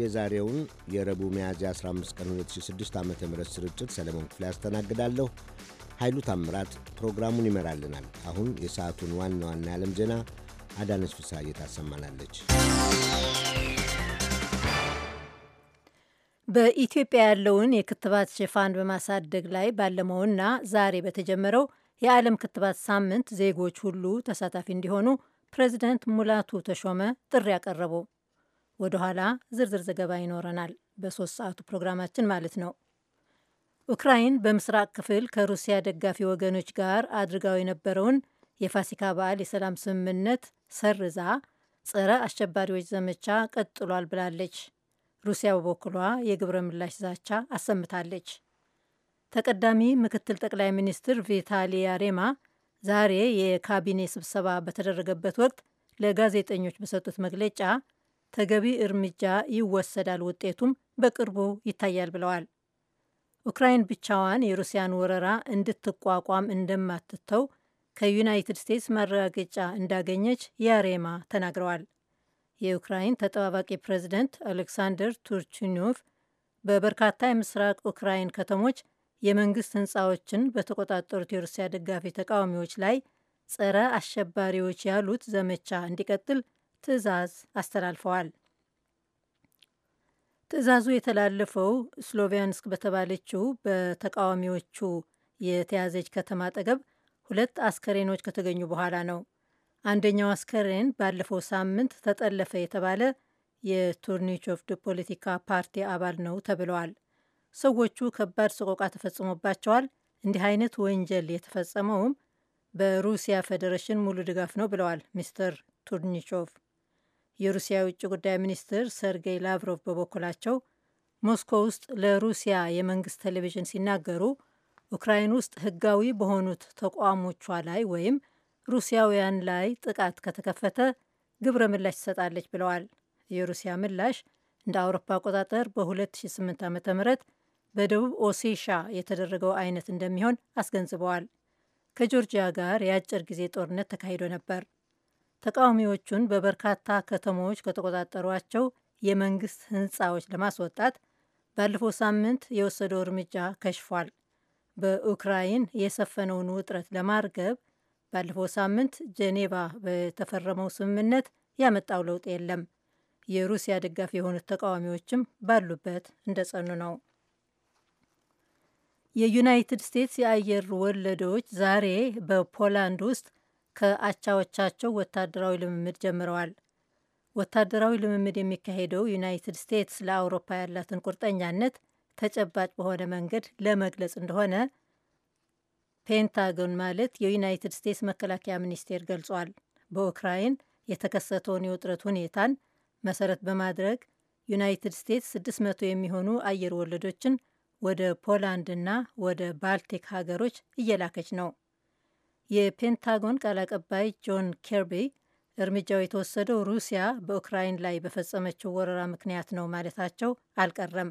የዛሬውን የረቡዕ ሚያዝያ 15 ቀን 2006 ዓ ም ስርጭት ሰለሞን ክፍሌ ያስተናግዳለሁ። ኃይሉ ታምራት ፕሮግራሙን ይመራልናል። አሁን የሰዓቱን ዋና ዋና የዓለም ዜና አዳነች ፍሳ ታሰማናለች። በኢትዮጵያ ያለውን የክትባት ሽፋን በማሳደግ ላይ ባለመውና ዛሬ በተጀመረው የዓለም ክትባት ሳምንት ዜጎች ሁሉ ተሳታፊ እንዲሆኑ ፕሬዚደንት ሙላቱ ተሾመ ጥሪ አቀረቡ። ወደ ኋላ ዝርዝር ዘገባ ይኖረናል፣ በሶስት ሰዓቱ ፕሮግራማችን ማለት ነው። ኡክራይን በምስራቅ ክፍል ከሩሲያ ደጋፊ ወገኖች ጋር አድርጋው የነበረውን የፋሲካ በዓል የሰላም ስምምነት ሰርዛ ጸረ አሸባሪዎች ዘመቻ ቀጥሏል ብላለች። ሩሲያ በበኩሏ የግብረ ምላሽ ዛቻ አሰምታለች። ተቀዳሚ ምክትል ጠቅላይ ሚኒስትር ቪታሊ ያሬማ ዛሬ የካቢኔ ስብሰባ በተደረገበት ወቅት ለጋዜጠኞች በሰጡት መግለጫ ተገቢ እርምጃ ይወሰዳል፣ ውጤቱም በቅርቡ ይታያል ብለዋል። ኡክራይን ብቻዋን የሩሲያን ወረራ እንድትቋቋም እንደማትተው ከዩናይትድ ስቴትስ ማረጋገጫ እንዳገኘች ያሬማ ተናግረዋል። የዩክራይን ተጠባባቂ ፕሬዚደንት አሌክሳንደር ቱርችኖቭ በበርካታ የምስራቅ ኡክራይን ከተሞች የመንግስት ህንፃዎችን በተቆጣጠሩት የሩሲያ ደጋፊ ተቃዋሚዎች ላይ ጸረ አሸባሪዎች ያሉት ዘመቻ እንዲቀጥል ትዕዛዝ አስተላልፈዋል። ትዕዛዙ የተላለፈው ስሎቪያንስክ በተባለችው በተቃዋሚዎቹ የተያዘች ከተማ አጠገብ ሁለት አስከሬኖች ከተገኙ በኋላ ነው። አንደኛው አስከሬን ባለፈው ሳምንት ተጠለፈ የተባለ የቱርኒቾቭ ፖለቲካ ፓርቲ አባል ነው ተብለዋል። ሰዎቹ ከባድ ሰቆቃ ተፈጽሞባቸዋል። እንዲህ አይነት ወንጀል የተፈጸመውም በሩሲያ ፌዴሬሽን ሙሉ ድጋፍ ነው ብለዋል ሚስተር ቱርኒቾቭ። የሩሲያ የውጭ ጉዳይ ሚኒስትር ሰርጌይ ላቭሮቭ በበኩላቸው ሞስኮ ውስጥ ለሩሲያ የመንግስት ቴሌቪዥን ሲናገሩ ኡክራይን ውስጥ ህጋዊ በሆኑት ተቋሞቿ ላይ ወይም ሩሲያውያን ላይ ጥቃት ከተከፈተ ግብረ ምላሽ ትሰጣለች ብለዋል። የሩሲያ ምላሽ እንደ አውሮፓ አቆጣጠር በ2008 ዓ ም በደቡብ ኦሴሻ የተደረገው አይነት እንደሚሆን አስገንዝበዋል። ከጆርጂያ ጋር የአጭር ጊዜ ጦርነት ተካሂዶ ነበር። ተቃዋሚዎቹን በበርካታ ከተሞች ከተቆጣጠሯቸው የመንግስት ህንፃዎች ለማስወጣት ባለፈው ሳምንት የወሰደው እርምጃ ከሽፏል። በኡክራይን የሰፈነውን ውጥረት ለማርገብ ባለፈው ሳምንት ጄኔቫ በተፈረመው ስምምነት ያመጣው ለውጥ የለም። የሩሲያ ደጋፊ የሆኑት ተቃዋሚዎችም ባሉበት እንደጸኑ ነው። የዩናይትድ ስቴትስ የአየር ወለዶች ዛሬ በፖላንድ ውስጥ ከአቻዎቻቸው ወታደራዊ ልምምድ ጀምረዋል። ወታደራዊ ልምምድ የሚካሄደው ዩናይትድ ስቴትስ ለአውሮፓ ያላትን ቁርጠኛነት ተጨባጭ በሆነ መንገድ ለመግለጽ እንደሆነ ፔንታጎን ማለት የዩናይትድ ስቴትስ መከላከያ ሚኒስቴር ገልጿል። በኡክራይን የተከሰተውን የውጥረት ሁኔታን መሰረት በማድረግ ዩናይትድ ስቴትስ 600 የሚሆኑ አየር ወለዶችን ወደ ፖላንድና ወደ ባልቲክ ሀገሮች እየላከች ነው። የፔንታጎን ቃል አቀባይ ጆን ኬርቢ እርምጃው የተወሰደው ሩሲያ በኡክራይን ላይ በፈጸመችው ወረራ ምክንያት ነው ማለታቸው አልቀረም።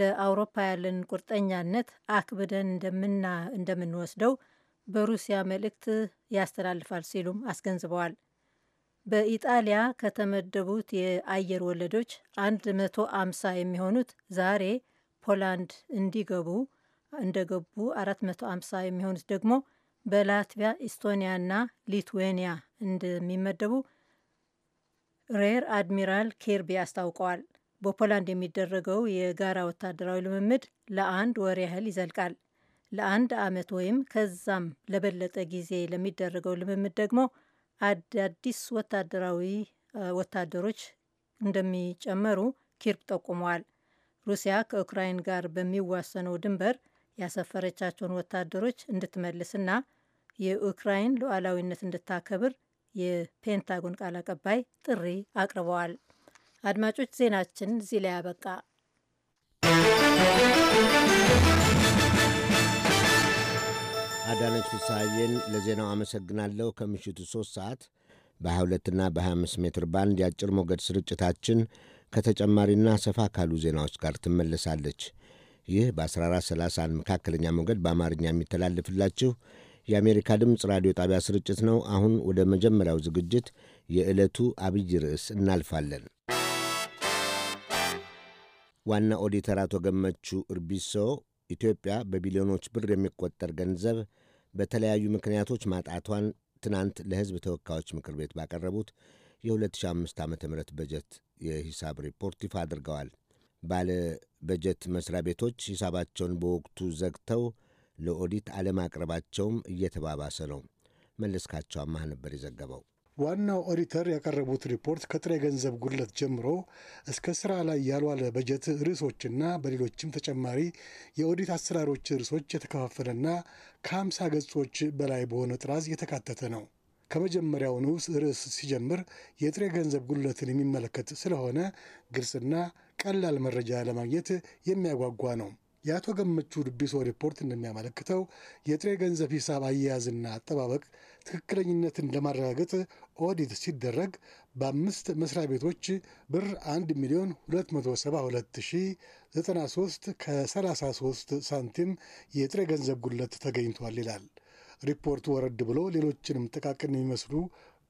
ለአውሮፓ ያለን ቁርጠኛነት አክብደን እንደምና እንደምንወስደው በሩሲያ መልእክት ያስተላልፋል ሲሉም አስገንዝበዋል። በኢጣሊያ ከተመደቡት የአየር ወለዶች 150 የሚሆኑት ዛሬ ፖላንድ እንዲገቡ እንደገቡ 450 የሚሆኑት ደግሞ በላትቪያ፣ ኢስቶኒያ ና ሊትዌኒያ እንደሚመደቡ ሬር አድሚራል ኬርቢ አስታውቀዋል። በፖላንድ የሚደረገው የጋራ ወታደራዊ ልምምድ ለአንድ ወር ያህል ይዘልቃል። ለአንድ ዓመት ወይም ከዛም ለበለጠ ጊዜ ለሚደረገው ልምምድ ደግሞ አዳዲስ ወታደራዊ ወታደሮች እንደሚጨመሩ ኪርብ ጠቁመዋል። ሩሲያ ከኡክራይን ጋር በሚዋሰነው ድንበር ያሰፈረቻቸውን ወታደሮች እንድትመልስና የኡክራይን ሉዓላዊነት እንድታከብር የፔንታጎን ቃል አቀባይ ጥሪ አቅርበዋል። አድማጮች ዜናችን እዚህ ላይ አበቃ። አዳነች ሳየን ለዜናው አመሰግናለሁ። ከምሽቱ 3 ሰዓት በ22ና በ25 ሜትር ባንድ የአጭር ሞገድ ስርጭታችን ከተጨማሪና ሰፋ ካሉ ዜናዎች ጋር ትመለሳለች። ይህ በ1430 መካከለኛ ሞገድ በአማርኛ የሚተላለፍላችሁ የአሜሪካ ድምፅ ራዲዮ ጣቢያ ስርጭት ነው። አሁን ወደ መጀመሪያው ዝግጅት የዕለቱ አብይ ርዕስ እናልፋለን። ዋና ኦዲተር አቶ ገመቹ እርቢሶ ኢትዮጵያ በቢሊዮኖች ብር የሚቆጠር ገንዘብ በተለያዩ ምክንያቶች ማጣቷን ትናንት ለሕዝብ ተወካዮች ምክር ቤት ባቀረቡት የ2005 ዓ ም በጀት የሂሳብ ሪፖርት ይፋ አድርገዋል። ባለ በጀት መስሪያ ቤቶች ሂሳባቸውን በወቅቱ ዘግተው ለኦዲት አለማቅረባቸውም እየተባባሰ ነው። መለስካቸው አማህ ነበር የዘገበው። ዋናው ኦዲተር ያቀረቡት ሪፖርት ከጥሬ ገንዘብ ጉድለት ጀምሮ እስከ ስራ ላይ ያልዋለ በጀት ርዕሶችና በሌሎችም ተጨማሪ የኦዲት አሰራሮች ርዕሶች የተከፋፈለና ከሀምሳ ገጾች በላይ በሆነ ጥራዝ የተካተተ ነው። ከመጀመሪያው ንዑስ ርዕስ ሲጀምር የጥሬ ገንዘብ ጉድለትን የሚመለከት ስለሆነ ግልጽና ቀላል መረጃ ለማግኘት የሚያጓጓ ነው። የአቶ ገመቹ ድቢሶ ሪፖርት እንደሚያመለክተው የጥሬ ገንዘብ ሂሳብ አያያዝና አጠባበቅ ትክክለኝነትን ለማረጋገጥ ኦዲት ሲደረግ በአምስት መስሪያ ቤቶች ብር 1 ሚሊዮን 272093 ከ33 ሳንቲም የጥሬ ገንዘብ ጉድለት ተገኝቷል ይላል። ሪፖርቱ ወረድ ብሎ ሌሎችንም ጥቃቅን የሚመስሉ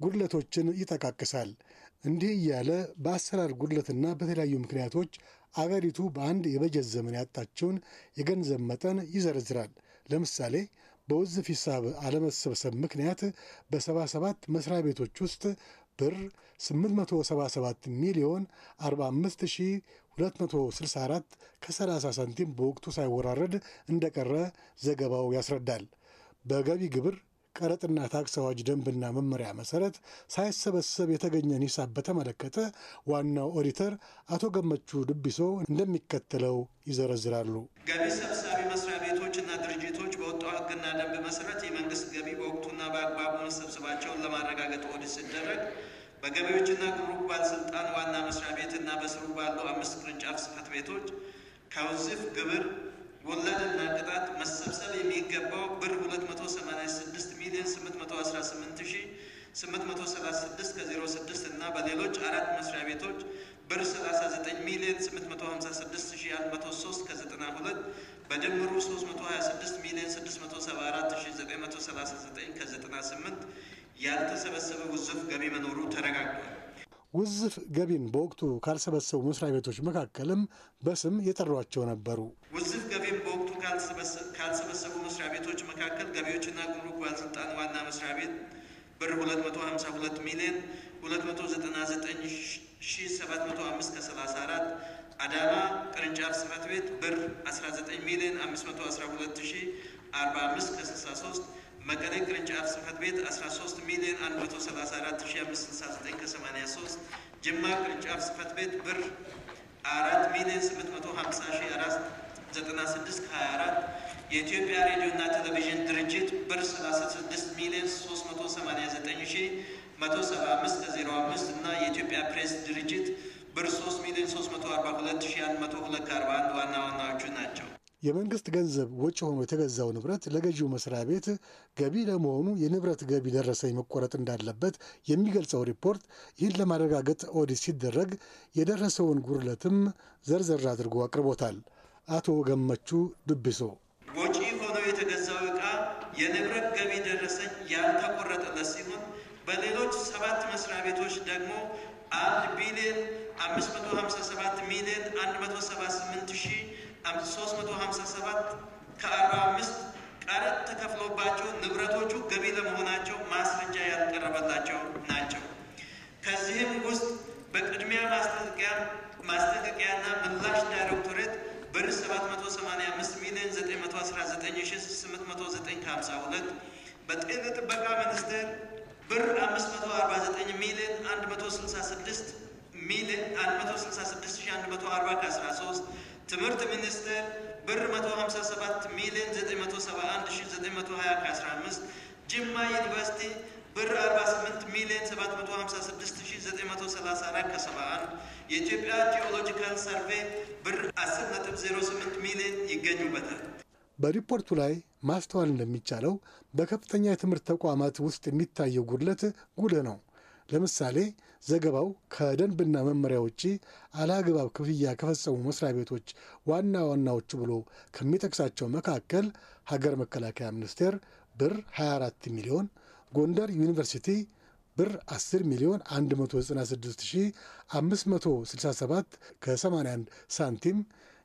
ጉድለቶችን ይጠቃቅሳል። እንዲህ እያለ በአሰራር ጉድለትና በተለያዩ ምክንያቶች አገሪቱ በአንድ የበጀት ዘመን ያጣችውን የገንዘብ መጠን ይዘረዝራል። ለምሳሌ በውዝፍ ሂሳብ አለመሰብሰብ ምክንያት በ77 መስሪያ ቤቶች ውስጥ ብር 877 ሚሊዮን 45264 ከ30 ሳንቲም በወቅቱ ሳይወራረድ እንደቀረ ዘገባው ያስረዳል። በገቢ ግብር ቀረጥና ታክስ አዋጅ ደንብና መመሪያ መሰረት ሳይሰበሰብ የተገኘን ሂሳብ በተመለከተ ዋናው ኦዲተር አቶ ገመቹ ድቢሶ እንደሚከተለው ይዘረዝራሉ። ገቢ ሰብሳቢ መስሪያ ቤቶችና ድርጅቶች በወጣው ሕግና ደንብ መሰረት የመንግስት ገቢ በወቅቱና በአግባቡ መሰብሰባቸውን ለማረጋገጥ ኦዲት ሲደረግ በገቢዎችና ጉምሩክ ባለስልጣን ዋና መስሪያ ቤትና በስሩ ባሉ አምስት ቅርንጫፍ ጽሕፈት ቤቶች ከውዝፍ ግብር ወለድና 836 ከ06 እና በሌሎች አራት መስሪያ ቤቶች ብር 39 ሚሊዮን 856103 ከ92 በድምሩ 326 ሚሊዮን 674939 ከ98 ያልተሰበሰበ ውዝፍ ገቢ መኖሩ ተረጋግጧል። ውዝፍ ገቢን በወቅቱ ካልሰበሰቡ መስሪያ ቤቶች መካከልም በስም የጠሯቸው ነበሩ። ውዝፍ ገቢን በወቅቱ ካልሰበሰቡ መስሪያ ቤቶች መካከል ገቢዎችና ጉምሩክ ባለስልጣን ዋና መስሪያ ቤት ብር 252 ሚሊዮን 299705 ከ34 አዳማ ቅርንጫፍ ጽህፈት ቤት ብር 19 ሚሊዮን 512045 ከ63 መቀሌ ቅርንጫፍ ጽህፈት ቤት 13 ሚሊዮን 134569 ከ83 ጅማ ቅርንጫፍ ጽፈት ቤት ብር 4 ሚሊዮን 850496 ከ24 የኢትዮጵያ እና ቴሌቪዥን ድርጅት ብር 36 ሚሊዮን 389,175,05 እና የኢትዮጵያ ፕሬስ ድርጅት ብር 3 ሚሊዮን 342,141 ዋና ዋናዎቹ ናቸው። የመንግስት ገንዘብ ወጪ ሆኖ የተገዛው ንብረት ለገዢው መስሪያ ቤት ገቢ ለመሆኑ የንብረት ገቢ ደረሰኝ መቆረጥ እንዳለበት የሚገልጸው ሪፖርት ይህን ለማረጋገጥ ኦዲት ሲደረግ የደረሰውን ጉድለትም ዘርዘር አድርጎ አቅርቦታል። አቶ ገመቹ ድብሶ የንብረት ገቢ ደረሰኝ ያልተቆረጠለት ሲሆን በሌሎች ሰባት መስሪያ ቤቶች ደግሞ አንድ ቢሊዮን አምስት መቶ ሀምሳ ሰባት ሚሊዮን አንድ መቶ ሰባ ስምንት ሺ ሶስት መቶ ሀምሳ ሰባት ከአርባ አምስት ቀረጥ ተከፍሎባቸው ንብረቶቹ ገቢ ለመሆናቸው ማስረጃ ያልቀረበላቸው ናቸው። ከዚህም ውስጥ በቅድሚያ ማስጠንቀቂያና ምላሽ ዳይሬክቶሬት ብር ሰባት መቶ ሰማኒያ በ1852 በጤና ጥበቃ ሚኒስቴር ብር 549 ሚሊዮን 166 ሚሊዮን 166113 ትምህርት ሚኒስቴር ብር 157 ሚሊዮን 971920 ጅማ ዩኒቨርሲቲ ብር 48 ሚሊዮን 756934 ከ71 የኢትዮጵያ ጂኦሎጂካል ሰርቬ ብር 10.08 ሚሊዮን ይገኙበታል። በሪፖርቱ ላይ ማስተዋል እንደሚቻለው በከፍተኛ የትምህርት ተቋማት ውስጥ የሚታየው ጉድለት ጉልህ ነው። ለምሳሌ ዘገባው ከደንብና መመሪያ ውጪ አላግባብ ክፍያ ከፈጸሙ መስሪያ ቤቶች ዋና ዋናዎቹ ብሎ ከሚጠቅሳቸው መካከል ሀገር መከላከያ ሚኒስቴር ብር 24 ሚሊዮን፣ ጎንደር ዩኒቨርሲቲ ብር 10 ሚሊዮን 196567 ከ81 ሳንቲም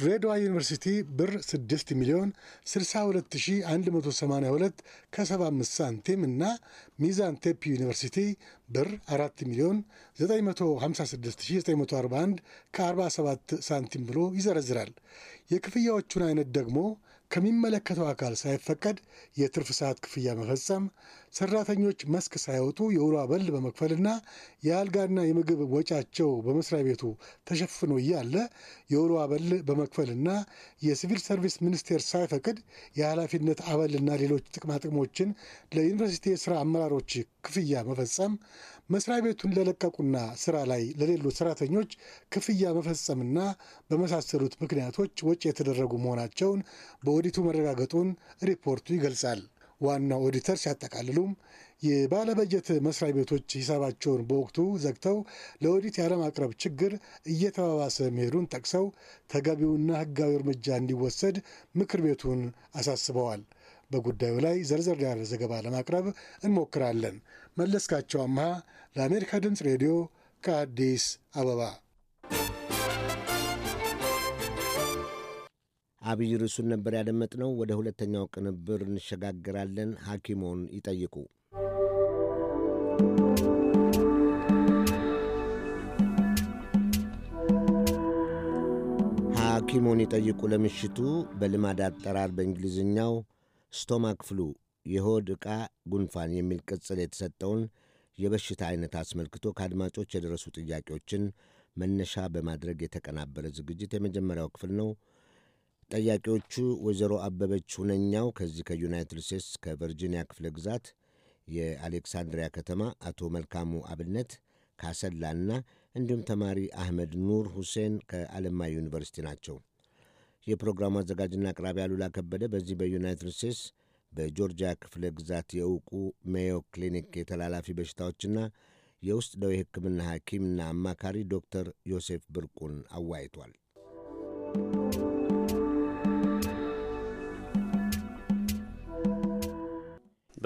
ድሬዳዋ ዩኒቨርሲቲ ብር 6 ሚሊዮን 62182 ከ75 ሳንቲም እና ሚዛን ቴፒ ዩኒቨርሲቲ ብር 4 ሚሊዮን 956941 ከ47 ሳንቲም ብሎ ይዘረዝራል። የክፍያዎቹን አይነት ደግሞ ከሚመለከተው አካል ሳይፈቀድ የትርፍ ሰዓት ክፍያ መፈጸም፣ ሰራተኞች መስክ ሳይወጡ የውሎ አበል በመክፈልና የአልጋና የምግብ ወጫቸው በመስሪያ ቤቱ ተሸፍኖ እያለ የውሎ አበል በመክፈልና የሲቪል ሰርቪስ ሚኒስቴር ሳይፈቅድ የኃላፊነት አበልና ሌሎች ጥቅማጥቅሞችን ለዩኒቨርሲቲ የስራ አመራሮች ክፍያ መፈጸም፣ መስሪያ ቤቱን ለለቀቁና ስራ ላይ ለሌሉ ሰራተኞች ክፍያ መፈጸምና በመሳሰሉት ምክንያቶች ወጪ የተደረጉ መሆናቸውን በኦዲቱ መረጋገጡን ሪፖርቱ ይገልጻል። ዋናው ኦዲተር ሲያጠቃልሉም የባለበጀት መስሪያ ቤቶች ሂሳባቸውን በወቅቱ ዘግተው ለኦዲት ያለማቅረብ ችግር እየተባባሰ መሄዱን ጠቅሰው ተገቢውና ሕጋዊ እርምጃ እንዲወሰድ ምክር ቤቱን አሳስበዋል። በጉዳዩ ላይ ዘርዘር ያለ ዘገባ ለማቅረብ እንሞክራለን። መለስካቸው አምሃ ለአሜሪካ ድምፅ ሬዲዮ ከአዲስ አበባ አብይ ርዕሱን ነበር ያደመጥነው። ወደ ሁለተኛው ቅንብር እንሸጋግራለን። ሐኪሞን ይጠይቁ ሐኪሞን ይጠይቁ ለምሽቱ በልማድ አጠራር በእንግሊዝኛው ስቶማክ ፍሉ የሆድ ዕቃ ጉንፋን የሚል ቅጽል የተሰጠውን የበሽታ አይነት አስመልክቶ ከአድማጮች የደረሱ ጥያቄዎችን መነሻ በማድረግ የተቀናበረ ዝግጅት የመጀመሪያው ክፍል ነው። ጠያቂዎቹ ወይዘሮ አበበች ሁነኛው ከዚህ ከዩናይትድ ስቴትስ ከቨርጂኒያ ክፍለ ግዛት የአሌክሳንድሪያ ከተማ፣ አቶ መልካሙ አብነት ካሰላና እንዲሁም ተማሪ አህመድ ኑር ሁሴን ከአለማ ዩኒቨርሲቲ ናቸው። የፕሮግራሙ አዘጋጅና አቅራቢ አሉላ ከበደ በዚህ በዩናይትድ ስቴትስ በጆርጂያ ክፍለ ግዛት የእውቁ ሜዮ ክሊኒክ የተላላፊ በሽታዎችና የውስጥ ደዌ ሕክምና ሐኪምና አማካሪ ዶክተር ዮሴፍ ብርቁን አዋይቷል።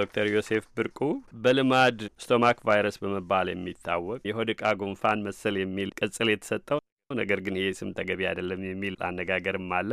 ዶክተር ዮሴፍ ብርቁ በልማድ ስቶማክ ቫይረስ በመባል የሚታወቅ የሆድ ጉንፋን መሰል የሚል ቅጽል የተሰጠው ነገር ግን ይሄ ስም ተገቢ አይደለም የሚል አነጋገርም አለ።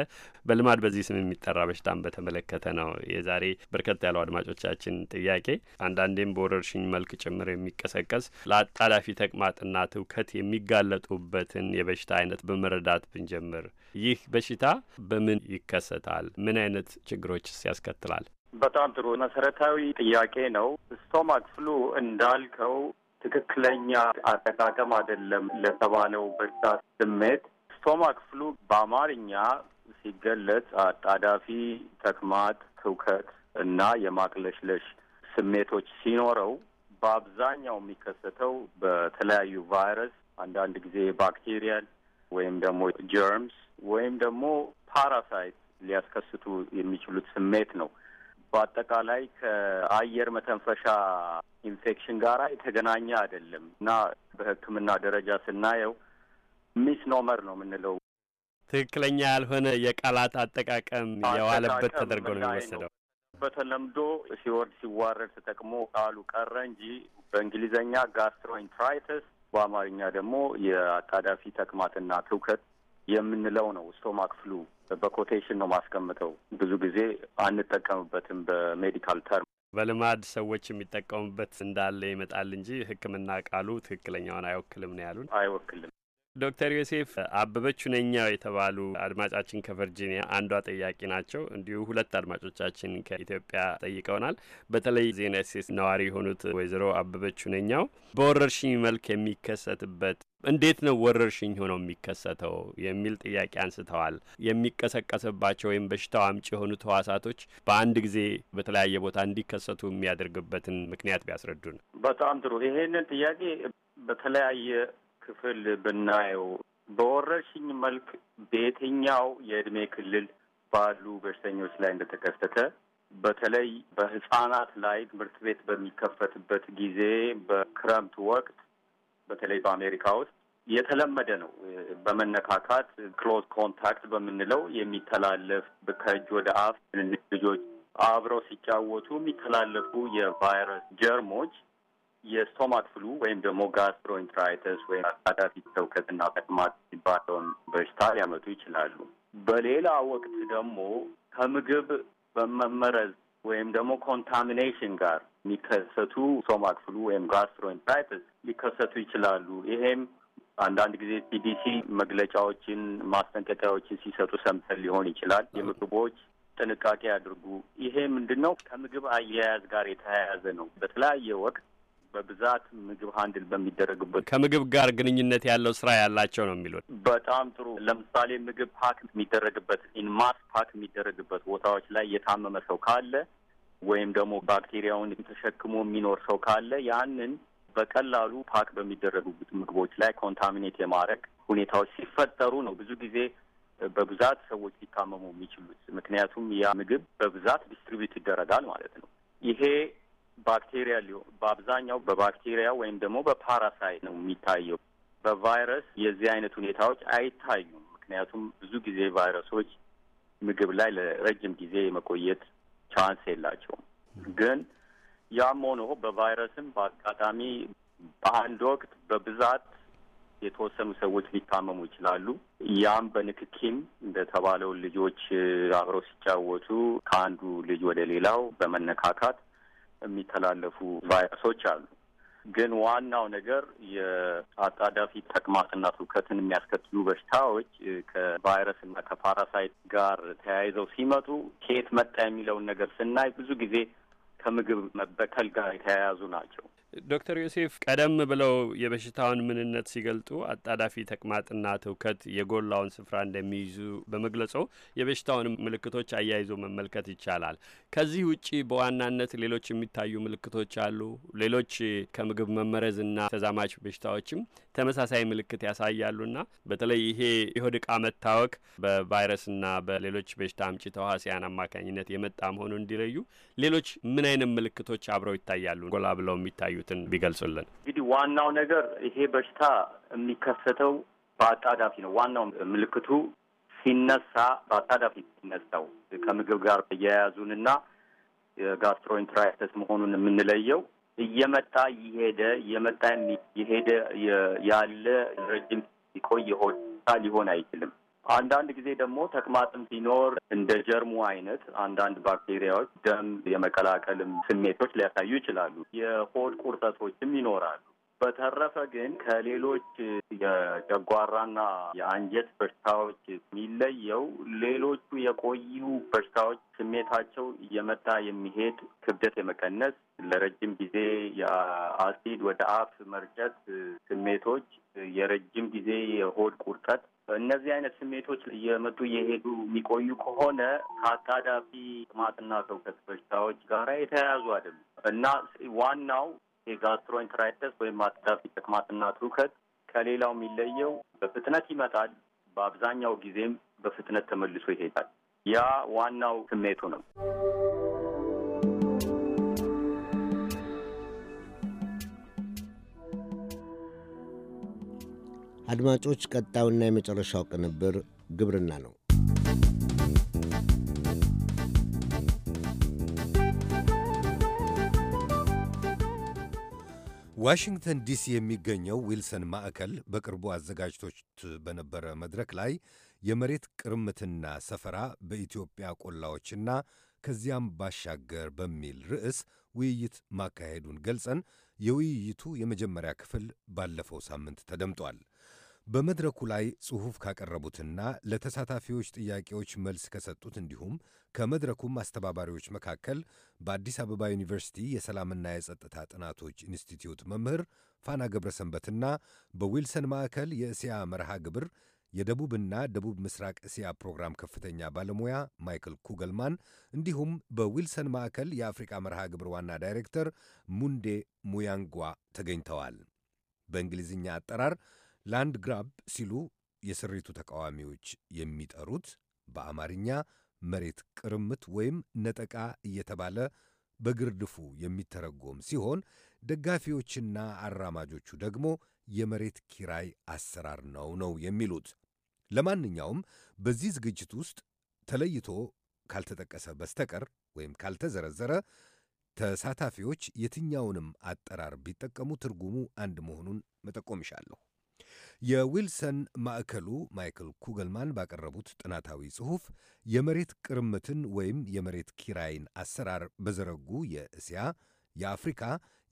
በልማድ በዚህ ስም የሚጠራ በሽታን በተመለከተ ነው የዛሬ በርከት ያለው አድማጮቻችን ጥያቄ። አንዳንዴም በወረርሽኝ መልክ ጭምር የሚቀሰቀስ ለአጣዳፊ ተቅማጥና ትውከት የሚጋለጡበትን የበሽታ አይነት በመረዳት ብንጀምር፣ ይህ በሽታ በምን ይከሰታል? ምን አይነት ችግሮችስ ያስከትላል? በጣም ጥሩ መሰረታዊ ጥያቄ ነው። ስቶማክ ፍሉ እንዳልከው ትክክለኛ አጠቃቀም አይደለም ለተባለው በሽታ ስሜት ስቶማክ ፍሉ በአማርኛ ሲገለጽ አጣዳፊ ተቅማጥ፣ ትውከት እና የማቅለሽለሽ ስሜቶች ሲኖረው በአብዛኛው የሚከሰተው በተለያዩ ቫይረስ፣ አንዳንድ ጊዜ ባክቴሪያል ወይም ደግሞ ጀርምስ ወይም ደግሞ ፓራሳይት ሊያስከስቱ የሚችሉት ስሜት ነው። በአጠቃላይ ከአየር መተንፈሻ ኢንፌክሽን ጋር የተገናኘ አይደለም እና በሕክምና ደረጃ ስናየው ሚስ ኖመር ነው የምንለው። ትክክለኛ ያልሆነ የቃላት አጠቃቀም የዋለበት ተደርጎ ነው የሚወሰደው። በተለምዶ ሲወርድ ሲዋረድ ተጠቅሞ ቃሉ ቀረ እንጂ በእንግሊዘኛ ጋስትሮኢንትራይተስ በአማርኛ ደግሞ የአጣዳፊ ተቅማጥና ትውከት የምንለው ነው ስቶማክ ፍሉ በኮቴሽን ነው ማስቀምጠው። ብዙ ጊዜ አንጠቀምበትም በሜዲካል ተርም በልማድ ሰዎች የሚጠቀሙበት እንዳለ ይመጣል እንጂ ሕክምና ቃሉ ትክክለኛውን አይወክልም ነው ያሉን። አይወክልም። ዶክተር ዮሴፍ አበበች ነኛው የተባሉ አድማጫችን ከቨርጂኒያ አንዷ ጠያቂ ናቸው። እንዲሁ ሁለት አድማጮቻችን ከኢትዮጵያ ጠይቀውናል። በተለይ ዜና ስቴትስ ነዋሪ የሆኑት ወይዘሮ አበበች ነኛው በወረርሽኝ መልክ የሚከሰትበት እንዴት ነው ወረርሽኝ ሆነው የሚከሰተው የሚል ጥያቄ አንስተዋል። የሚቀሰቀስባቸው ወይም በሽታው አምጪ የሆኑ ተዋሳቶች በአንድ ጊዜ በተለያየ ቦታ እንዲከሰቱ የሚያደርግበትን ምክንያት ቢያስረዱን። በጣም ጥሩ። ይሄንን ጥያቄ በተለያየ ክፍል ብናየው በወረርሽኝ መልክ በየትኛው የእድሜ ክልል ባሉ በሽተኞች ላይ እንደተከሰተ በተለይ በህጻናት ላይ ትምህርት ቤት በሚከፈትበት ጊዜ በክረምት ወቅት በተለይ በአሜሪካ ውስጥ የተለመደ ነው። በመነካካት ክሎዝ ኮንታክት በምንለው የሚተላለፍ ከእጅ ወደ አፍ ትንንሽ ልጆች አብረው ሲጫወቱ የሚተላለፉ የቫይረስ ጀርሞች የስቶማክ ፍሉ ወይም ደግሞ ጋስትሮኢንትራይተስ ወይም አጣዳፊ ትውከትና ተቅማጥ የሚባለውን በሽታ ሊያመጡ ይችላሉ። በሌላ ወቅት ደግሞ ከምግብ በመመረዝ ወይም ደግሞ ኮንታሚኔሽን ጋር የሚከሰቱ ሶማክ ፍሉ ወይም ጋስትሮኢንትራይትስ ሊከሰቱ ይችላሉ። ይሄም አንዳንድ ጊዜ ሲዲሲ መግለጫዎችን፣ ማስጠንቀቂያዎችን ሲሰጡ ሰምተን ሊሆን ይችላል። የምግቦች ጥንቃቄ አድርጉ። ይሄ ምንድን ነው? ከምግብ አያያዝ ጋር የተያያዘ ነው። በተለያየ ወቅት በብዛት ምግብ ሀንድል በሚደረግበት ከምግብ ጋር ግንኙነት ያለው ስራ ያላቸው ነው የሚሉት። በጣም ጥሩ። ለምሳሌ ምግብ ፓክ የሚደረግበት ኢንማስ ፓክ የሚደረግበት ቦታዎች ላይ የታመመ ሰው ካለ ወይም ደግሞ ባክቴሪያውን ተሸክሞ የሚኖር ሰው ካለ ያንን በቀላሉ ፓክ በሚደረጉበት ምግቦች ላይ ኮንታሚኔት የማድረግ ሁኔታዎች ሲፈጠሩ ነው ብዙ ጊዜ በብዛት ሰዎች ሊታመሙ የሚችሉት። ምክንያቱም ያ ምግብ በብዛት ዲስትሪቢዩት ይደረጋል ማለት ነው። ይሄ ባክቴሪያ ሊሆን በአብዛኛው በባክቴሪያ ወይም ደግሞ በፓራሳይት ነው የሚታየው። በቫይረስ የዚህ አይነት ሁኔታዎች አይታዩም። ምክንያቱም ብዙ ጊዜ ቫይረሶች ምግብ ላይ ለረጅም ጊዜ የመቆየት ቻንስ የላቸውም። ግን ያም ሆኖ በቫይረስም በአጋጣሚ በአንድ ወቅት በብዛት የተወሰኑ ሰዎች ሊታመሙ ይችላሉ። ያም በንክኪም እንደተባለው ልጆች አብረው ሲጫወቱ ከአንዱ ልጅ ወደ ሌላው በመነካካት የሚተላለፉ ቫይረሶች አሉ። ግን ዋናው ነገር የአጣዳፊ ተቅማጥና ትውከትን የሚያስከትሉ በሽታዎች ከቫይረስ ከፓራሳይት ጋር ተያይዘው ሲመጡ ከየት መጣ የሚለውን ነገር ስናይ ብዙ ጊዜ ከምግብ መበከል ጋር የተያያዙ ናቸው። ዶክተር ዮሴፍ ቀደም ብለው የበሽታውን ምንነት ሲገልጡ አጣዳፊ ተቅማጥና ትውከት የጎላውን ስፍራ እንደሚይዙ በመግለጾ የበሽታውን ምልክቶች አያይዞ መመልከት ይቻላል። ከዚህ ውጪ በዋናነት ሌሎች የሚታዩ ምልክቶች አሉ። ሌሎች ከምግብ መመረዝና ተዛማች በሽታዎችም ተመሳሳይ ምልክት ያሳያሉና በተለይ ይሄ የሆድ ዕቃ መታወክ በቫይረስና በሌሎች በሽታ አምጪ ተዋሲያን አማካኝነት የመጣ መሆኑን እንዲለዩ ሌሎች ምን አይነት ምልክቶች አብረው ይታያሉ? ጎላ ብለው የሚታዩ ያዩትን ቢገልጹልን። እንግዲህ ዋናው ነገር ይሄ በሽታ የሚከሰተው በአጣዳፊ ነው። ዋናው ምልክቱ ሲነሳ በአጣዳፊ ሲነሳው ከምግብ ጋር እያያዙንና የጋስትሮኢንትራይተስ መሆኑን የምንለየው እየመጣ እየሄደ እየመጣ የሄደ ያለ ረጅም ሲቆይ ሆታ ሊሆን አይችልም። አንዳንድ ጊዜ ደግሞ ተቅማጥም ሲኖር እንደ ጀርሙ አይነት አንዳንድ ባክቴሪያዎች ደም የመቀላቀልም ስሜቶች ሊያሳዩ ይችላሉ። የሆድ ቁርጠቶችም ይኖራሉ። በተረፈ ግን ከሌሎች የጨጓራና የአንጀት በሽታዎች የሚለየው ሌሎቹ የቆዩ በሽታዎች ስሜታቸው እየመጣ የሚሄድ ክብደት የመቀነስ፣ ለረጅም ጊዜ የአሲድ ወደ አፍ መርጨት ስሜቶች፣ የረጅም ጊዜ የሆድ ቁርጠት እነዚህ አይነት ስሜቶች እየመጡ እየሄዱ የሚቆዩ ከሆነ ከአጣዳፊ ጥማትና ትውከት በሽታዎች ጋር የተያያዙ አይደሉም እና ዋናው የጋስትሮኢንትራይተስ ወይም አጣዳፊ ጥማትና ትውከት ከሌላው የሚለየው በፍጥነት ይመጣል። በአብዛኛው ጊዜም በፍጥነት ተመልሶ ይሄዳል። ያ ዋናው ስሜቱ ነው። አድማጮች፣ ቀጣዩና የመጨረሻው ቅንብር ግብርና ነው። ዋሽንግተን ዲሲ የሚገኘው ዊልሰን ማዕከል በቅርቡ አዘጋጅቶት በነበረ መድረክ ላይ የመሬት ቅርምትና ሰፈራ በኢትዮጵያ ቆላዎችና ከዚያም ባሻገር በሚል ርዕስ ውይይት ማካሄዱን ገልጸን የውይይቱ የመጀመሪያ ክፍል ባለፈው ሳምንት ተደምጧል። በመድረኩ ላይ ጽሑፍ ካቀረቡትና ለተሳታፊዎች ጥያቄዎች መልስ ከሰጡት እንዲሁም ከመድረኩም አስተባባሪዎች መካከል በአዲስ አበባ ዩኒቨርሲቲ የሰላምና የጸጥታ ጥናቶች ኢንስቲትዩት መምህር ፋና ሰንበትና በዊልሰን ማዕከል የእስያ መርሃ ግብር የደቡብና ደቡብ ምስራቅ እስያ ፕሮግራም ከፍተኛ ባለሙያ ማይክል ኩገልማን እንዲሁም በዊልሰን ማዕከል የአፍሪካ መርሃ ግብር ዋና ዳይሬክተር ሙንዴ ሙያንጓ ተገኝተዋል። በእንግሊዝኛ አጠራር ላንድ ግራብ ሲሉ የስሪቱ ተቃዋሚዎች የሚጠሩት በአማርኛ መሬት ቅርምት ወይም ነጠቃ እየተባለ በግርድፉ የሚተረጎም ሲሆን ደጋፊዎችና አራማጆቹ ደግሞ የመሬት ኪራይ አሰራር ነው ነው የሚሉት። ለማንኛውም በዚህ ዝግጅት ውስጥ ተለይቶ ካልተጠቀሰ በስተቀር ወይም ካልተዘረዘረ ተሳታፊዎች የትኛውንም አጠራር ቢጠቀሙ ትርጉሙ አንድ መሆኑን መጠቆም ይሻለሁ። የዊልሰን ማዕከሉ ማይክል ኩገልማን ባቀረቡት ጥናታዊ ጽሑፍ የመሬት ቅርምትን ወይም የመሬት ኪራይን አሰራር በዘረጉ የእስያ የአፍሪካ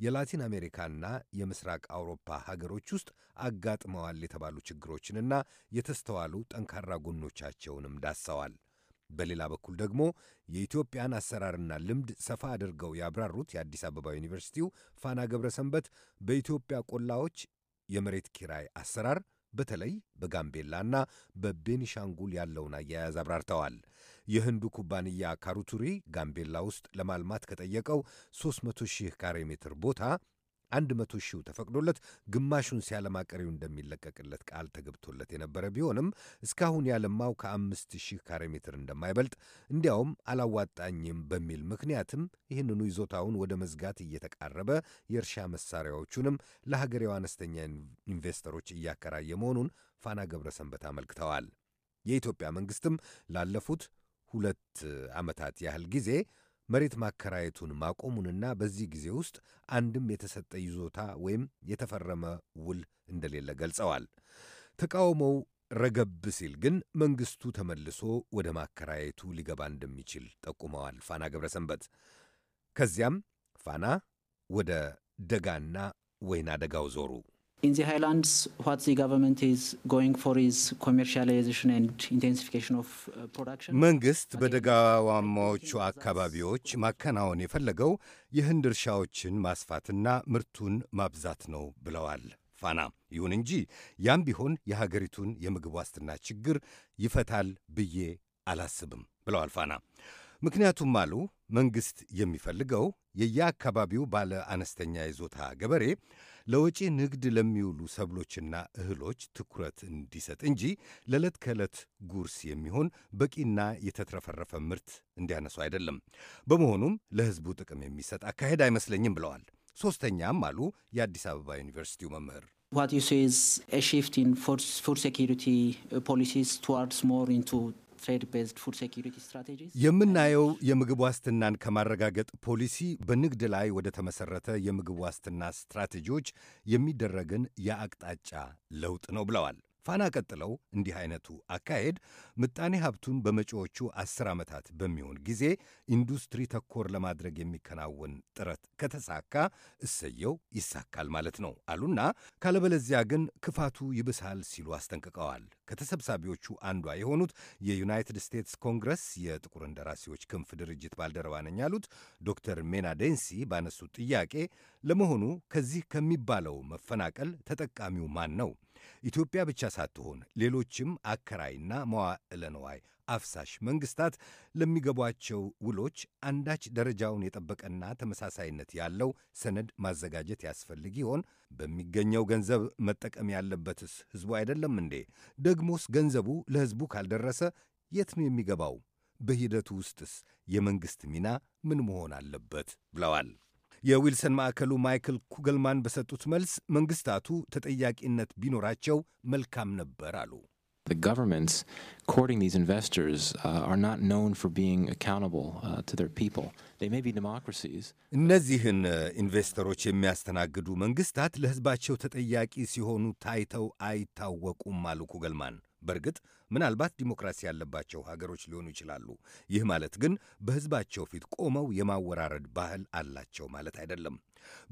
የላቲን አሜሪካና የምስራቅ አውሮፓ ሀገሮች ውስጥ አጋጥመዋል የተባሉ ችግሮችንና የተስተዋሉ ጠንካራ ጎኖቻቸውንም ዳሰዋል። በሌላ በኩል ደግሞ የኢትዮጵያን አሰራርና ልምድ ሰፋ አድርገው ያብራሩት የአዲስ አበባ ዩኒቨርሲቲው ፋና ገብረ ሰንበት በኢትዮጵያ ቆላዎች የመሬት ኪራይ አሰራር በተለይ በጋምቤላና በቤኒሻንጉል ያለውን አያያዝ አብራርተዋል። የህንዱ ኩባንያ ካሩቱሪ ጋምቤላ ውስጥ ለማልማት ከጠየቀው 300 ሺህ ካሬ ሜትር ቦታ አንድ መቶ ሺው ተፈቅዶለት ግማሹን ሲያለማ ቀሪው እንደሚለቀቅለት ቃል ተገብቶለት የነበረ ቢሆንም እስካሁን ያለማው ከአምስት ሺህ ካሬ ሜትር እንደማይበልጥ እንዲያውም አላዋጣኝም በሚል ምክንያትም ይህንኑ ይዞታውን ወደ መዝጋት እየተቃረበ የእርሻ መሳሪያዎቹንም ለሀገሬው አነስተኛ ኢንቨስተሮች እያከራየ መሆኑን ፋና ገብረሰንበት አመልክተዋል። የኢትዮጵያ መንግስትም ላለፉት ሁለት ዓመታት ያህል ጊዜ መሬት ማከራየቱን ማቆሙንና በዚህ ጊዜ ውስጥ አንድም የተሰጠ ይዞታ ወይም የተፈረመ ውል እንደሌለ ገልጸዋል። ተቃውሞው ረገብ ሲል ግን መንግስቱ ተመልሶ ወደ ማከራየቱ ሊገባ እንደሚችል ጠቁመዋል ፋና ገብረሰንበት። ከዚያም ፋና ወደ ደጋና ወይና ደጋው ዞሩ። In the Highlands, what the government is going for is commercialization and intensification of uh, production. መንግሥት በደጋዋማዎቹ አካባቢዎች ማከናወን የፈለገው የህንድ እርሻዎችን ማስፋትና ምርቱን ማብዛት ነው ብለዋል ፋና። ይሁን እንጂ ያም ቢሆን የሀገሪቱን የምግብ ዋስትና ችግር ይፈታል ብዬ አላስብም ብለዋል ፋና። ምክንያቱም አሉ መንግሥት የሚፈልገው የየአካባቢው ባለ አነስተኛ ይዞታ ገበሬ ለወጪ ንግድ ለሚውሉ ሰብሎችና እህሎች ትኩረት እንዲሰጥ እንጂ ለዕለት ከዕለት ጉርስ የሚሆን በቂና የተትረፈረፈ ምርት እንዲያነሱ አይደለም። በመሆኑም ለሕዝቡ ጥቅም የሚሰጥ አካሄድ አይመስለኝም ብለዋል። ሦስተኛም አሉ የአዲስ አበባ ዩኒቨርሲቲው መምህር What you see is a shift in food security policies towards more into የምናየው የምግብ ዋስትናን ከማረጋገጥ ፖሊሲ በንግድ ላይ ወደ ተመሠረተ የምግብ ዋስትና ስትራቴጂዎች የሚደረግን የአቅጣጫ ለውጥ ነው ብለዋል። ፋና ቀጥለው እንዲህ አይነቱ አካሄድ ምጣኔ ሀብቱን በመጪዎቹ አስር ዓመታት በሚሆን ጊዜ ኢንዱስትሪ ተኮር ለማድረግ የሚከናወን ጥረት ከተሳካ እሰየው ይሳካል ማለት ነው አሉና ካለበለዚያ ግን ክፋቱ ይብሳል ሲሉ አስጠንቅቀዋል። ከተሰብሳቢዎቹ አንዷ የሆኑት የዩናይትድ ስቴትስ ኮንግረስ የጥቁር እንደራሴዎች ክንፍ ድርጅት ባልደረባ ነኝ ያሉት ዶክተር ሜና ዴንሲ ባነሱት ጥያቄ ለመሆኑ ከዚህ ከሚባለው መፈናቀል ተጠቃሚው ማን ነው? ኢትዮጵያ ብቻ ሳትሆን ሌሎችም አከራይና መዋዕለ ነዋይ አፍሳሽ መንግስታት ለሚገቧቸው ውሎች አንዳች ደረጃውን የጠበቀና ተመሳሳይነት ያለው ሰነድ ማዘጋጀት ያስፈልግ ይሆን? በሚገኘው ገንዘብ መጠቀም ያለበትስ ሕዝቡ አይደለም እንዴ? ደግሞስ ገንዘቡ ለሕዝቡ ካልደረሰ የት ነው የሚገባው? በሂደቱ ውስጥስ የመንግሥት ሚና ምን መሆን አለበት? ብለዋል። የዊልሰን ማዕከሉ ማይክል ኩገልማን በሰጡት መልስ መንግስታቱ ተጠያቂነት ቢኖራቸው መልካም ነበር አሉ። እነዚህን uh, ኢንቨስተሮች የሚያስተናግዱ መንግስታት ለሕዝባቸው ተጠያቂ ሲሆኑ ታይተው አይታወቁም አሉ ኩገልማን። በእርግጥ ምናልባት ዲሞክራሲ ያለባቸው ሀገሮች ሊሆኑ ይችላሉ። ይህ ማለት ግን በሕዝባቸው ፊት ቆመው የማወራረድ ባህል አላቸው ማለት አይደለም።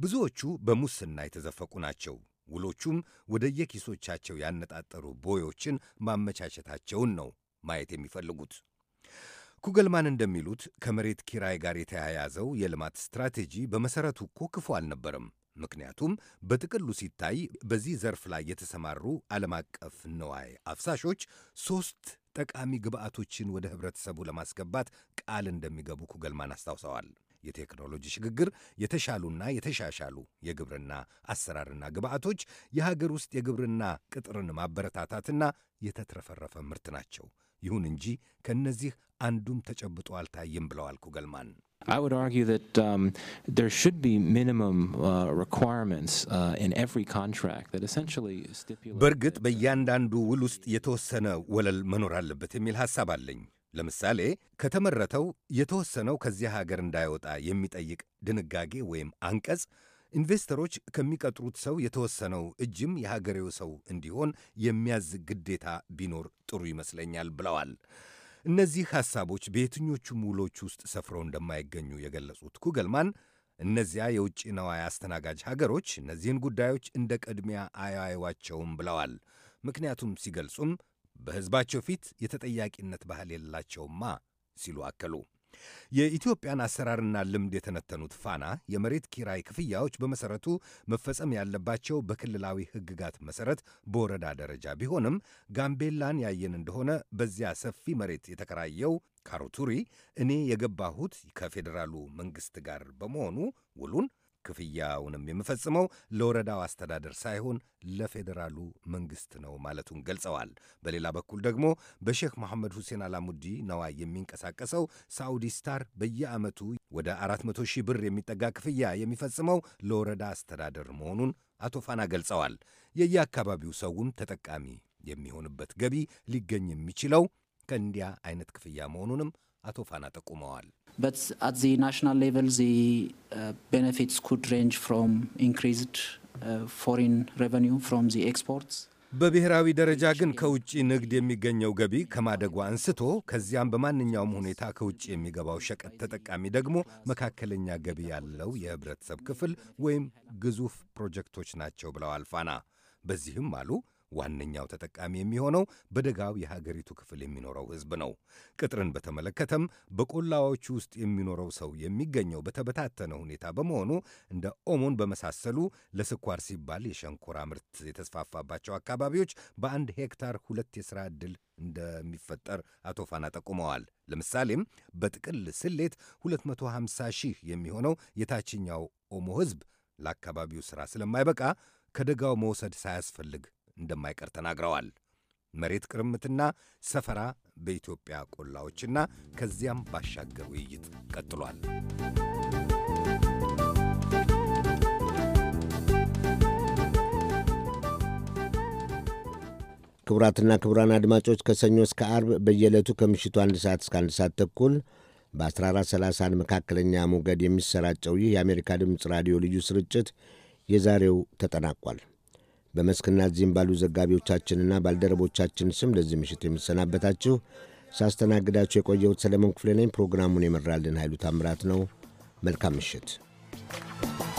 ብዙዎቹ በሙስና የተዘፈቁ ናቸው። ውሎቹም ወደየኪሶቻቸው ያነጣጠሩ ቦዮችን ማመቻቸታቸውን ነው ማየት የሚፈልጉት። ኩገልማን እንደሚሉት ከመሬት ኪራይ ጋር የተያያዘው የልማት ስትራቴጂ በመሠረቱ እኮ ክፉ አልነበረም። ምክንያቱም በጥቅሉ ሲታይ በዚህ ዘርፍ ላይ የተሰማሩ ዓለም አቀፍ ነዋይ አፍሳሾች ሦስት ጠቃሚ ግብዓቶችን ወደ ኅብረተሰቡ ለማስገባት ቃል እንደሚገቡ ኩገልማን አስታውሰዋል። የቴክኖሎጂ ሽግግር፣ የተሻሉና የተሻሻሉ የግብርና አሰራርና ግብዓቶች፣ የሀገር ውስጥ የግብርና ቅጥርን ማበረታታትና የተትረፈረፈ ምርት ናቸው። ይሁን እንጂ ከእነዚህ አንዱም ተጨብጦ አልታየም ብለዋል ኩገልማን። I would argue that um, there should be minimum uh, requirements uh, in every contract that essentially stipulate በእርግጥ uh, በእያንዳንዱ ውል ውስጥ የተወሰነ ወለል መኖር አለበት የሚል ሐሳብ አለኝ። ለምሳሌ ከተመረተው የተወሰነው ከዚያ ሀገር እንዳይወጣ የሚጠይቅ ድንጋጌ ወይም አንቀጽ ኢንቨስተሮች ከሚቀጥሩት ሰው የተወሰነው እጅም የሀገሬው ሰው እንዲሆን የሚያዝ ግዴታ ቢኖር ጥሩ ይመስለኛል ብለዋል። እነዚህ ሐሳቦች በየትኞቹም ውሎች ውስጥ ሰፍረው እንደማይገኙ የገለጹት ኩገልማን እነዚያ የውጭ ነዋይ አስተናጋጅ ሀገሮች እነዚህን ጉዳዮች እንደ ቅድሚያ አያዩዋቸውም ብለዋል። ምክንያቱም ሲገልጹም በሕዝባቸው ፊት የተጠያቂነት ባህል የላቸውማ ሲሉ አከሉ። የኢትዮጵያን አሰራርና ልምድ የተነተኑት ፋና የመሬት ኪራይ ክፍያዎች በመሰረቱ መፈጸም ያለባቸው በክልላዊ ሕግጋት መሰረት በወረዳ ደረጃ ቢሆንም ጋምቤላን ያየን እንደሆነ በዚያ ሰፊ መሬት የተከራየው ካሩቱሪ እኔ የገባሁት ከፌዴራሉ መንግስት ጋር በመሆኑ ውሉን ክፍያውንም የሚፈጽመው ለወረዳው አስተዳደር ሳይሆን ለፌዴራሉ መንግስት ነው ማለቱን ገልጸዋል። በሌላ በኩል ደግሞ በሼክ መሐመድ ሁሴን አላሙዲ ነዋይ የሚንቀሳቀሰው ሳዑዲ ስታር በየዓመቱ ወደ 400 ሺህ ብር የሚጠጋ ክፍያ የሚፈጽመው ለወረዳ አስተዳደር መሆኑን አቶ ፋና ገልጸዋል። የየአካባቢው ሰውም ተጠቃሚ የሚሆንበት ገቢ ሊገኝ የሚችለው ከእንዲያ አይነት ክፍያ መሆኑንም አቶ ፋና ጠቁመዋል። but at the national level, the uh, benefits could range from increased uh, foreign revenue from the exports. በብሔራዊ ደረጃ ግን ከውጭ ንግድ የሚገኘው ገቢ ከማደጉ አንስቶ ከዚያም በማንኛውም ሁኔታ ከውጭ የሚገባው ሸቀጥ ተጠቃሚ ደግሞ መካከለኛ ገቢ ያለው የህብረተሰብ ክፍል ወይም ግዙፍ ፕሮጀክቶች ናቸው ብለዋል ፋና። በዚህም አሉ ዋነኛው ተጠቃሚ የሚሆነው በደጋው የሀገሪቱ ክፍል የሚኖረው ሕዝብ ነው። ቅጥርን በተመለከተም በቆላዎቹ ውስጥ የሚኖረው ሰው የሚገኘው በተበታተነ ሁኔታ በመሆኑ እንደ ኦሞን በመሳሰሉ ለስኳር ሲባል የሸንኮራ ምርት የተስፋፋባቸው አካባቢዎች በአንድ ሄክታር ሁለት የሥራ ዕድል እንደሚፈጠር አቶ ፋና ጠቁመዋል። ለምሳሌም በጥቅል ስሌት 250 ሺህ የሚሆነው የታችኛው ኦሞ ሕዝብ ለአካባቢው ሥራ ስለማይበቃ ከደጋው መውሰድ ሳያስፈልግ እንደማይቀር ተናግረዋል። መሬት ቅርምትና ሰፈራ በኢትዮጵያ ቆላዎችና ከዚያም ባሻገር ውይይት ቀጥሏል። ክቡራትና ክቡራን አድማጮች ከሰኞ እስከ አርብ በየዕለቱ ከምሽቱ አንድ ሰዓት እስከ አንድ ሰዓት ተኩል በ1430 መካከለኛ ሞገድ የሚሰራጨው ይህ የአሜሪካ ድምፅ ራዲዮ ልዩ ስርጭት የዛሬው ተጠናቋል። በመስክና እዚህም ባሉ ዘጋቢዎቻችንና ባልደረቦቻችን ስም ለዚህ ምሽት የምሰናበታችሁ ሳስተናግዳችሁ የቆየሁት ሰለሞን ክፍሌ ነኝ። ፕሮግራሙን የመራልን ኃይሉ ታምራት ነው። መልካም ምሽት። Thank you.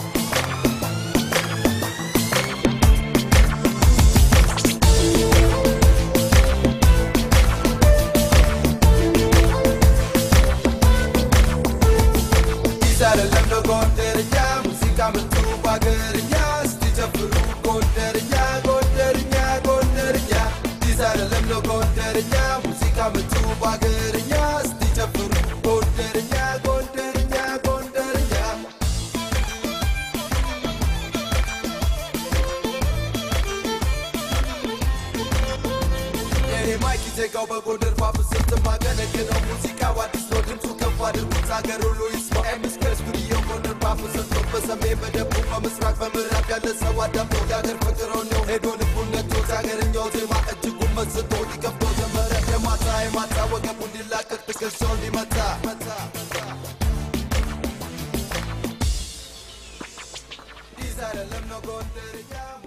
በጎደር ፋፍ ስትማገነግነው ሙዚቃ አዲስ ነው ድምፁ ከፍ አድርጉት አገር ሁሉ ይስማ ኤምስከር ስቱዲዮ ጎንደር ፋፍ ሰጥቶ በሰሜን በደቡብ በምስራቅ በምዕራብ ያለ ሰው አዳምጦ የአገር ፍቅረው ነው ሄዶ ልቡን ነቶ ዜማ እጅጉን መስጦ ሊከፍቶ ጀመረ የማታ የማታ ወገቡ እንዲላቀቅ ትከሻው እንዲመታ Sara, let me